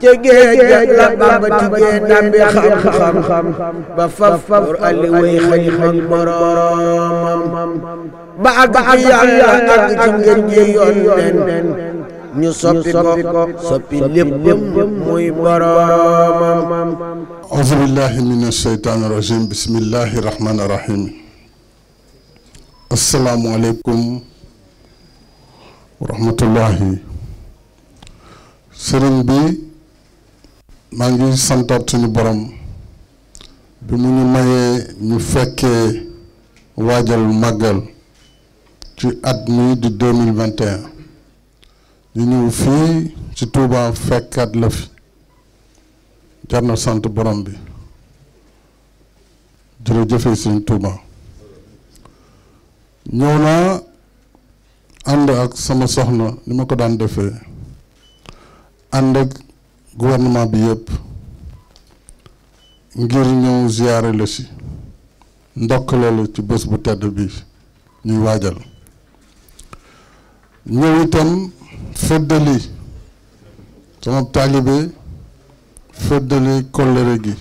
ci géej la Bamba tiggee dambi xam-xam ba faf pour ali way xalima boroomam ba ak ci yàlla ak ci ngeen ji yoon nen ñu soppi ko soppi lépp muy boroomam auzu billahi min asheytaani rajim bismillahi rahmaani rahim asalaamualeykum wa rahmatullahi sëriñ bi maa ngi santaat suñu borom bi mu ñu mayee ñu fekkee waajal màggal ci at mi di deux ñu ñëw fii ci Touba fekkaat la fi jar na sant borom bi jërëjëfe suñu Touba ñëw naa ànd ak sama soxna ni ma ko daan defee ànd ak gouvernement bi yëpp ngir ñëw ziyaare la si ndokkale la ci bés bu tedd bi ñuy waajal ñëw itam fëddali sama taalibe fëddali kóllëre gi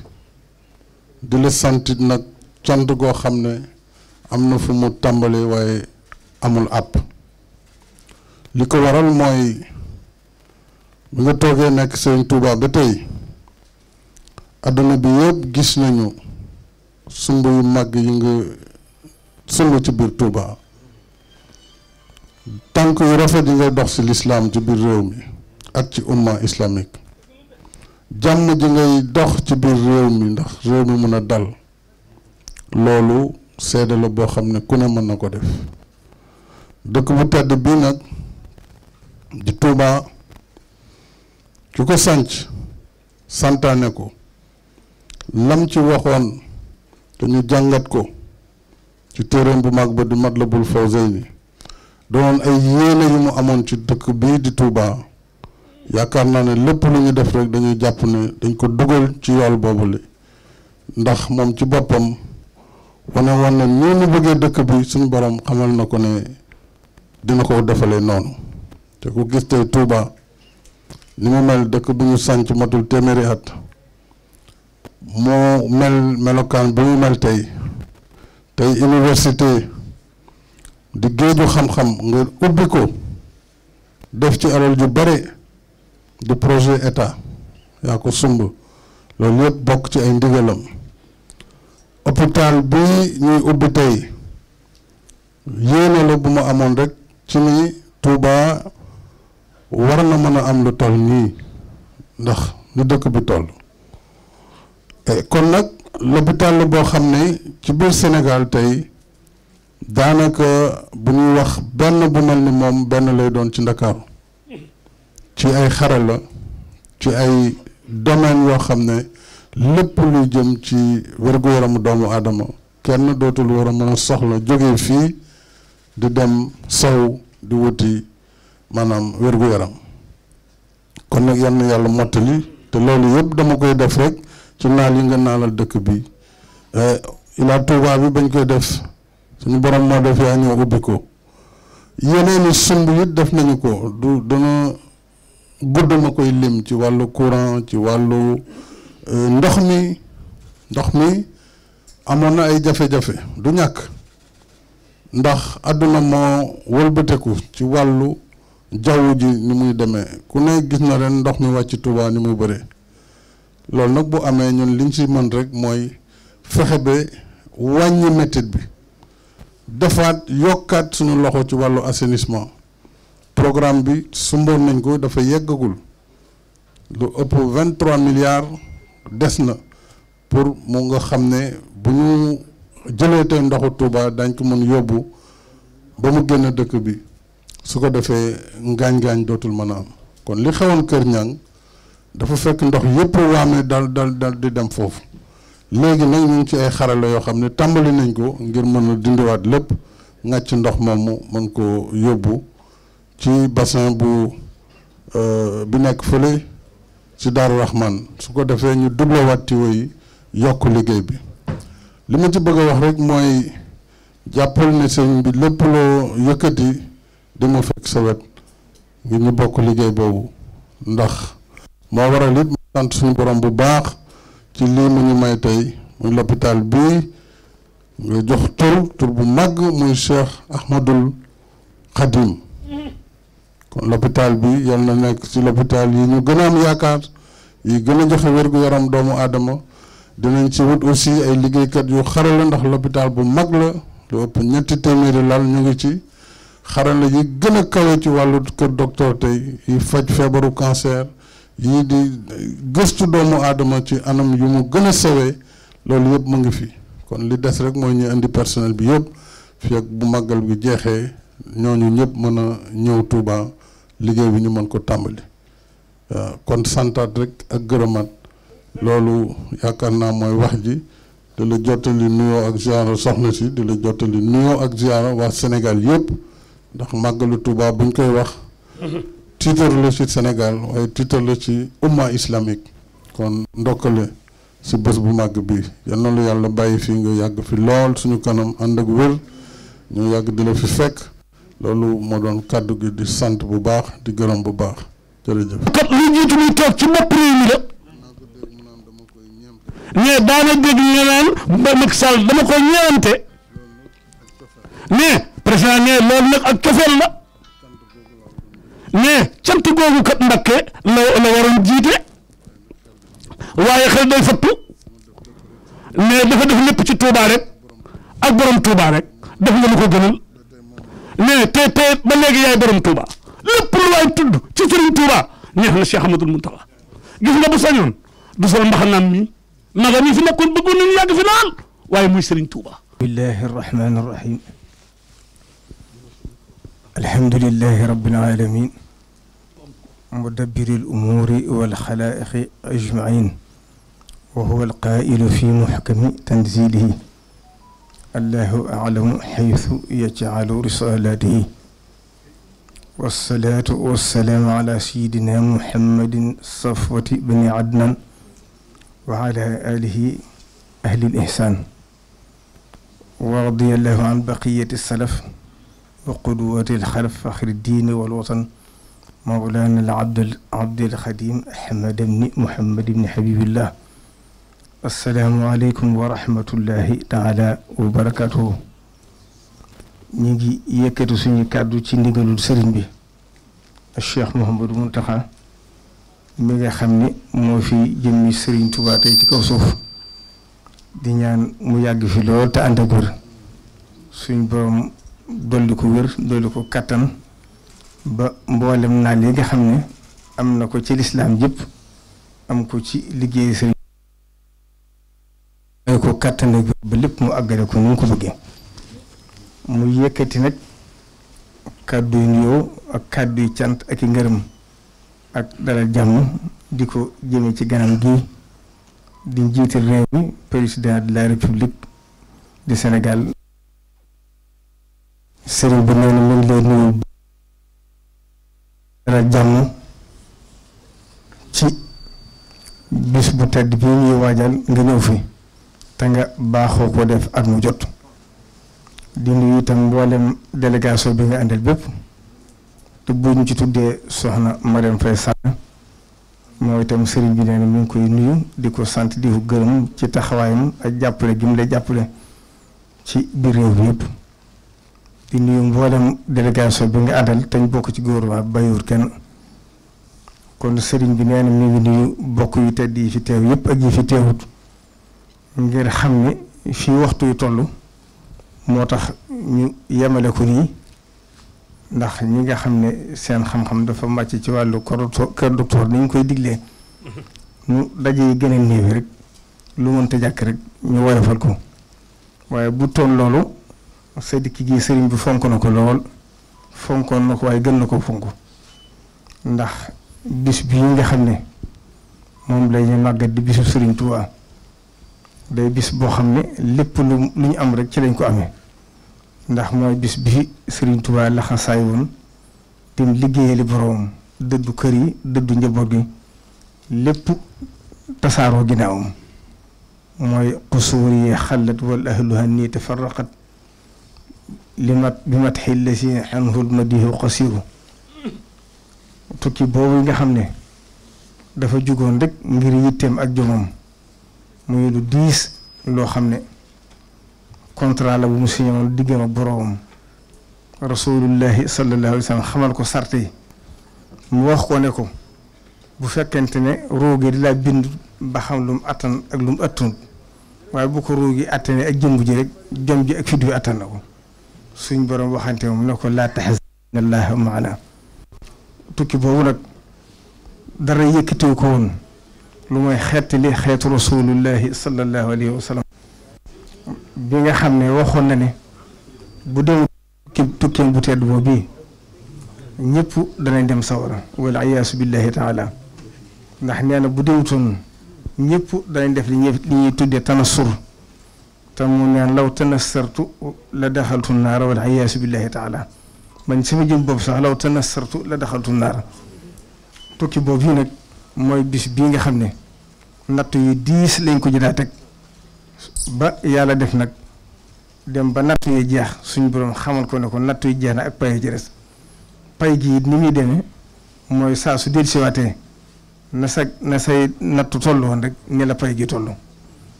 di la santit nag cant goo xam ne am na fu mu tàmbali waaye amul àpp li ko waral mooy bi nga toogee nekk Sëriñ Tuubaa ba tey àdduna bi yépp gis nañu sumb yu mag yi nga sumb ci biir Tuubaa tànk yu rafet yi ngay dox ci lislaam ci biir réew mi ak ci umma islamique jàmm ji ngay dox ci biir réew mi ndax réew mi mën a dal loolu seede la boo xam ne ku ne mën na ko def dëkk bu tedd bii nag di Tuubaa ki ko sanc santaane ko lam ci waxoon te ñu jàngat ko ci téeréem bu mag ba di Matlabul Fawzayni doonoon ay yéene yu mu amoon ci dëkk bii di Touba yaakaar naa ne lépp lu ñu def rek dañuy jàpp ne dañ ko dugal ci yool boobule ndax moom ci boppam wane woon ne nii mu bëggee dëkk bi suñu borom xamal na ko ne dina ko defalee noonu te ku gis tey Touba li mu mel dëkk buñu ñu sànc matul téeméeri at moo mel melokaan bi mu mel tey tey université di géeju xam-xam nga ubbi ko def ci alal ju bare di projet état yaa ko sumb loolu yëpp bokk ci ay ndigalam hôpital bi ñuy ubbi tey yéene bu ma amoon rek ci ni Touba war na mën a am lu toll nii ndax lu dëkk bi toll eh, kon nag l'hôpital la boo xam ne ci biir senegaal tey daanaka bu ñuy wax benn bu mel ni moom benn lay doon ci Ndakaaru ci ay xarala ci ay domaine yoo xam ne lépp luy jëm ci wér-gu-yaramu doomu aadama kenn dootul war a mën a soxla jóge fii di dem sow di wuti maanaam wér-gu-yaram kon nag yal na yàlla mottali te loolu yëpp dama koy def rek ci naal yi nga naalal dëkk bi eh, ilaa Tuubaa bi bañ koy def suñu borom moo def yaa ñëw ubbi ko yeneeni sumb it def nañu ko du dana gudd ma koy lim ci wàllu courant ci wàllu eh, ndox mi ndox mi amoon na ay jafe-jafe du ñàkk ndax àdduna moo wëlbateku ci wàllu jaww ji ni muy demee ku ne gis na ren ndox mi wàcc Touba ni mu bëree loolu nag bu amee ñun liñ ci mën rek mooy fexe ba wàññi metit bi defaat yokkaat suñu loxo ci wàllu assainissement programme bi sumboon nañ ko dafa yeggagul lu ëpp vingt trois milliards des na pour mu nga xam ne bu ñu jëlee tey ndoxu Touba dañ ko mën yóbbu ba mu génn dëkk bi su ko defee ngaañ-ngaañ dootul mën a am kon li xewoon Kër Ñang dafa fekk ndox yëpp waame dal dal dal di dem foofu léegi nag ñu ci ay xarala yoo xam ne tàmbali nañ ko ngir mën a dindiwaat lépp ci ndox moomu mën ko yóbbu ci bassin bu euh, bi nekk fële ci Daaru Rahman su ko defee ñu dublewaat ci woy yokk liggéey bi li ma ci bëgg a wax rek mooy jàppal ne sëñ bi lépp loo yëkkati di ma fekk sa wet ngir ñu bokk liggéey boobu ndax moo waral it ma sant suñu borom bu baax ci lii mu ñu may tey muy l'hôpital bii nga jox tur tur bu màgg muy Cheikh Ahmadul Khadim kon l'hôpital bi yal na nekk ci l'hôpital yi ñu gën a am yaakaar yi gën a joxe wér-gu-yaram doomu aadama dinañ ci wut aussi ay liggéeykat yu xarala ndax l'hôpital bu mag la lu ëpp ñetti téeméeri lal ñu ngi ci xarala yi gën a kawe ci wàllu kër docteur tey yi faj feebaru cancer yii di gëstu doomu aadama ci anam yu mu gën a sawee loolu yëpp mu ngi fi kon li des rek mooy ñu indi personnel bi yëpp fii ak bu màggal bi jeexee ñooñu ñëpp mën a ñëw Touba liggéey bi ñu mën ko tàmbali waaw euh, kon santaat rek ak gërëmaat loolu yaakaar naa mooy wax ji di la jottali nuyoo ak ziara soxna si di la jottali nuyoo ak ziara waa Sénégal yëpp. ndax màggalu Touba buñ koy wax tiitar la ci senegal waaye tiitar la ci umma islamique kon ndokkale si bés bu màgg bi yal na lu yàlla bàyyi fii nga yàgg fi lool suñu kanam ànd ak wér ñu yàgg di la fi fekk loolu moo doon kàddu gi di sant bu baax di gërëm bu baax jërëjëf kat lu daana dégg ñu naan Macky dama koy ñeewante mais Moustapha ne loolu nag ak cofeel la ne cant googu kat Mbakke la la waroon jiite waaye xel day fattu ne dafa def lépp ci Touba rek ak borom Touba rek def nga lu ko gënal ne te te ba léegi yaay borom Touba lépp lu waay tudd ci Serigne Touba neex na Cheikh Ahmadou Mountakha gis nga bu sañoon du sol mbaxanaam mi magam yi fi nekkoon bëggoon nañu yàgg fi lool waaye muy Serigne Touba. billahi rahmaani rahim. alhamdulillahi rabbil alamin mudabbiri al-umuri wal xalaa'iqi ajmain wa huwa al-qaa'ilu fi muxkami tanzilihi allahu aclamu xaysu yajcalu risaalaatihi wassalaatu wassalaamu ala sayidina muhammadin safwati bani adnan wa ala alihi ahli al-ihsaan wa radiyallahu an baqiyati salaf wa qudwatil xalaf faxri diini wal watan mawlaana al abdul ahmad ibni muhammad ibni habibillah assalaamu aleykum wa rahmatullahi taala wa barakatuhu ngi yëkkati suñu kàddu ci ndigalul sëriñ bi cheikh Mouhamadou Mountakha mi nga xam ni moo fi jëmmi sëriñ Tuubaa ci kaw suuf di ñaan mu yàgg fi lool te ànd ak wér suñ borom dolli ko wér dolli ko kàttan ba mboolem naa li nga xam ne am na ko ci lislaam yépp am ko ci liggéey sëriñ mooy ko kàttan ba lépp mu àggale ko ni mu ko bëggee mu yëkkati nag kàddu yu ak kàddu cant ak i ngërëm ak dalal jàmm di ko jëme ci ganam gi di njiital réew mi président de la république du Sénégal sëriñ bi nee na mi ngi lay nuyu dalal jàmm ci bis bu tedd bi ñuy waajal nga ñëw fi te nga baaxoo ko def ak mu jot di nuyu itam mboolem délégation bi nga àndal bépp te bu ñu ci tuddee soxna Marième Faye Sall mooy itam sëriñ bi nee na mi ngi koy nuyu di ko sant di ko gërëm ci taxawaayam ak jàppale gi mu lay jàppale ci biir réew bi yëpp di nuyu mboolem délégation bi nga àndal te ñu bokk ci gouvernement bi bàyyiwul kenn kon sëriñ bi nee na mi ngi nuyu bokk yu tedd yi fi teew yëpp ak yi fi teewut ngir xam ne fii waxtu yu toll moo tax ñu yemale ko nii ndax ñi nga xam ne seen xam-xam dafa màcc ci wàllu kër docteur ni ñu koy diglee ñu mm-hmm. daje yi gën a rek lu mënta jàkk rek ñu woyofal ko waaye bu loolu. sa dikk gi sëriñ bi fonk na ko lool fonkoon na ko waaye gën na ko fonk ndax bis bii nga xam ne moom la ñuy màggat di bisu sëriñ day bis boo xam ne lépp lu lu ñu am rek ci lañ ko amee ndax mooy bis bii sëriñ Tuubaa la xasaay woon te mu liggéeyali boroom dëddu kër yi dëddu njaboot gi lépp tasaaroo ginnaawam mooy qusuur yi xallat wal ahluha nii tafarraqat li mat bi mat xil la si anhu madihu qasiru tukki boobu nga xam ne dafa jugoon rek ngir yitteem ak jomam muy lu diis loo xam ne contrat la bu mu signé woon diggam ak boroomam rasulullahi sallallahu xamal ko sart wax ko ko bu fekkente ne roogi di bind ba xam lu mu ak lu mu waaye bu ko roogi attane ak jëmb ji rek jom ji ak fit wi attan na ko suñ borom waxante moom ne ko laa taxas allaha maana tukki boobu nag dara yëkkatiw ko woon lu mooy xeetali xeetu rasulullahi sallallahu alayhi wa sallam bi nga xam ne waxoon na ne bu dem tukkeem bu tedd boobu bii ñëpp danañ dem sawara wala ayaasu billahi taala ndax nee na bu dewutoon ñëpp danañ def li ñuy li ñuy tuddee tanasur te mu neen law tanassartu la daxaltu naara wal iyaasu billahi taala man sama jëm boobu sax law tanassartu la daxaltu naara tukki boobu yi nag mooy bis bii nga xam ne natt yu diis lañ ko jëlaat teg ba yàlla def nag dem ba natt yu jeex suñ boroom xamal ko ne ko natt yu jeex na ak pay ji res pay gi ni muy demee mooy saa su dellusiwaatee na sa na say nattu tollu woon rek ni la pay gi tollu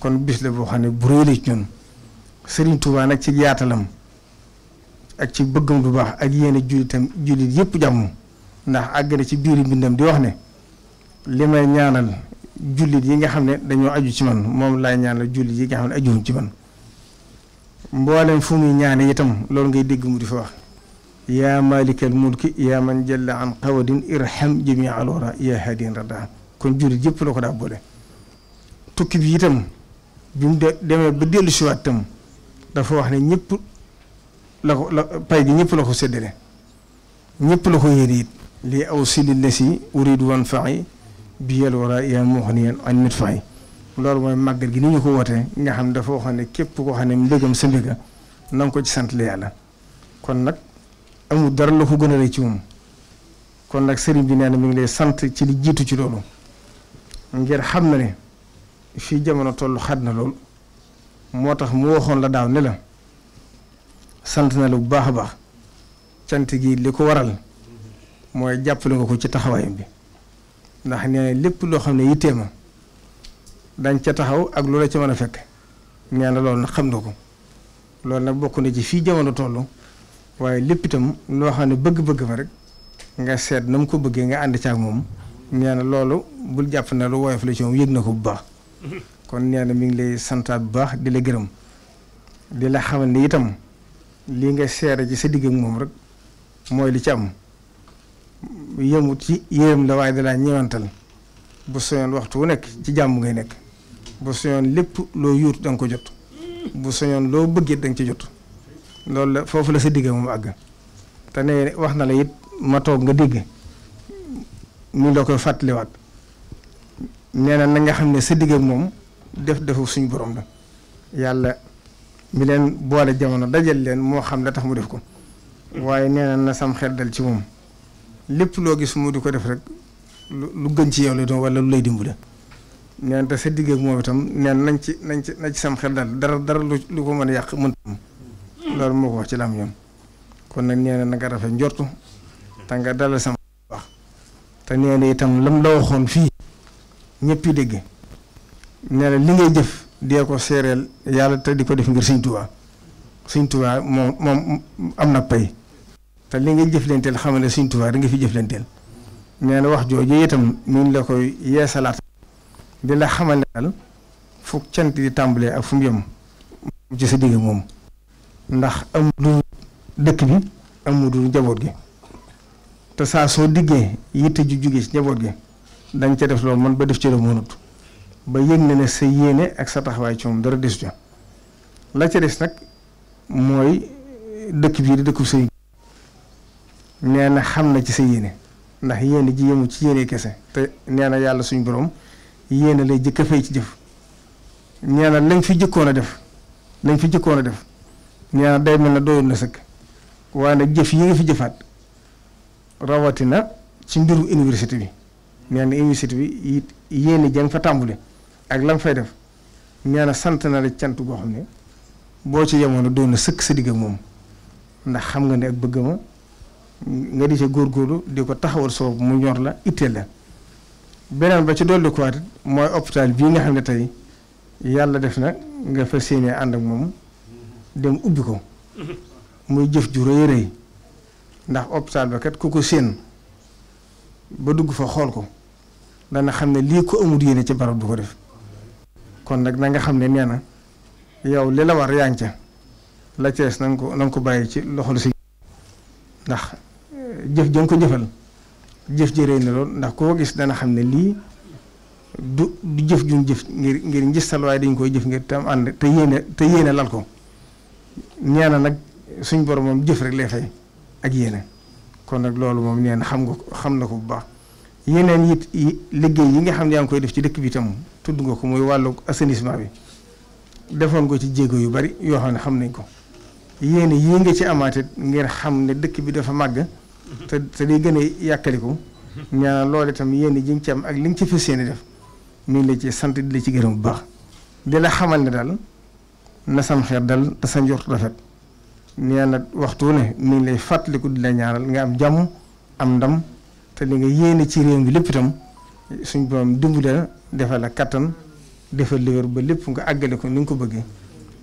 kon bis la boo xam ne bu rëy ci ñun Serigne Touba nag ci yaatalam ak ci bëggam du baax ak yenn jullitam jullit yëpp jàmm ndax àgg na ci biir bindam di wax ne li may ñaanal jullit yi nga xam ne dañoo aju ci man moom laay ñaanal jullit yi nga xam ne ajuwuñ ci man mboolem fu muy ñaane itam loolu ngay dégg mu di fa wax yaa malikal mulki yaa man jalla an qawadin irham jamia alwara yaa hadin rada kon jullit yëpp la ko daa boole tukki bi itam bi mu demee ba dellu si waat tam dafa wax ne ñëpp la ko la pay gi ñëpp la ko séddale ñëpp la ko yéene it lii aw sili la si uridu wan faxi bi yel war a yaa moo ni yeen añ nit faxi loolu mooy màggal gi ni ñu ko wootee nga xam dafa waxoon ne képp koo xam ne mbégam sa mbéga na ko ci sant la yàlla kon nag amul dara la ko gën a rëy ci moom kon nag sëriñ bi nee na mi ngi lay sant ci li jiitu ci loolu ngir xam na ne fii jamono toll xadd na lool moo tax mu waxoon la daaw ne la sant na la bu baax a baax cant gii li ko waral mooy jàppale nga ko ci taxawaayam bi ndax nee lépp loo xam ne yittee ma dañ ca taxaw ak loola ca mën a fekk nee loolu nag xam na ko loolu nag bokk na ci fii jamono toll waaye lépp itam loo xam ne bëgg-bëgg ma rek nga seet na mu ko bëggee nga ànd ca ak moom nee na loolu bul jàpp na lu woyof la ci moom yëg na ko bu baax. kon nee na mi ngi lay santaat bu baax di la gërëm di la xamal ni itam lii nga seere ci sa digg moom rek mooy li ci am yëmut ci yërëm la waaye dalaa ñëwantal bu soñoon waxtu wu nekk ci jàmm ngay nekk bu soñoon lépp loo yuut da ko jot bu soñoon loo bëggee da ci jot loolu la foofu la sa digg moom àgg te ne wax na la it ma toog nga dégg ñu la koy fàttaliwaat nee na na nga xam ne sa digg ak moom def defu suñu borom la yàlla mi leen boole jamono dajal leen moo xam la tax mu def ko waaye nee na na sam xel dal ci moom lépp loo gis mu di ko def rek lu gën ci yow la doon wala lu lay dimbale. nee na te sa digg ak moom itam nee nañ ci nañ ci nañ ci sam dal dara lu ko mën a yàq mënut loolu moo ko ci la yoon kon nag nee na nga rafet njortu te nga dalal sam baax te nee na itam lam la waxoon fii. ñëpp dégg ne la li ngay jëf dee ko séeréel yàlla te di ko def ngir Sëñ Tuubaa Sëñ Tuubaa moom moom am na pay te li ngay jëflanteel xam ne Sëñ Tuubaa da nga fi jëflanteel nee na wax jooju itam mi ngi la koy yeesalaat di la xamal ne daal foog cant di tàmbalee ak fu mu yem ci sa digg moom ndax am du dëkk bi am du njaboot gi te saa soo diggee yitte ju jugee ci njaboot gi dañ ca def loolu man ba def ci la mënut ba yëg na ne sa yéene ak sa taxawaay ci moom dara des ja la ca des nag mooy dëkk bii di dëkku sëñ nee na xam na ci sa yéene ndax yéene ji yemu ci yéene kese te nee na yàlla suñ borom yéene lay jëkk a fay ci jëf nee na lañ fi jëkkoon a def lañ fi jëkkoon a def nee na day mel na doyoon na sëkk waaye nag jëf yi nga fi jëfaat rawatina ci mbiru université bi nee na université bi it yéene fa tàmbule ak lam fay def nee na sant na la cant goo xam ne boo ci yemoon doon na sëkk sa digg moom ndax xam nga ne ak bëgg ma nga di góor góorlu di ko taxawal soo mu ñor la itteel la beneen ba ci dolli ko waat mooy hôpital bii nga xam ne tey yàlla def na nga fa séenee ànd ak moom dem ubbi ko muy jëf ju rëy rëy ndax hôpital ba kat ku ko séen ba dugg fa xool ko dana xam ne lii ko amul yéene ci barab du ko def kon nag na nga xam ne nee na yow li la war yaa ca la cees na ko na ko bàyyi ci loxol si ndax eh, jëf ja ko jëfal jëf ji rëy na lool ndax koo gis dana xam ne lii du du jëf juñ jëf ngir ngir njistal waaye dañ koy jëf ngir tam ànd te yéene te yéene lal ko nee na nag suñ borom moom jëf rek lay fay ak yéene kon nag loolu moom nee na xam nga xam na ko bu baax yeneen it liggéey yi nga xam ne yaa ngi koy def ci dëkk bi tam tudd nga ko muy wàllu assainissement bi defoon ko ci jéego yu bari yoo xam ne xam nañ ko yéen yii nga ci amaate ngir xam ne dëkk bi dafa màgg te te day gën a yàkkaliku ñaanal loolu itam yéen ji nga ci am ak li nga ci fas yéene def mi la ci sant di la ci gërëm bu baax di la xamal ne daal na sam xeer dal te sa njort rafet nee na waxtu ne mi ngi lay fàttaliku di la ñaanal nga am jàmm am ndam te li nga yéene ci lépp itam suñ borom dimbali la defal la kattan defal li ba lépp nga àggale ko ni nga ko bëggee.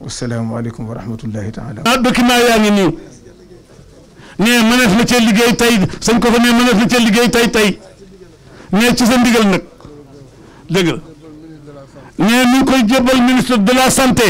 asalaamaaleykum wa rahmatullahi taala. ah document yaa ngi nii nee na cee liggéey tey sañ ko fa nee mënees na cee liggéey tey tey nee ci sa ndigal nag dëgg la nee ministre de santé.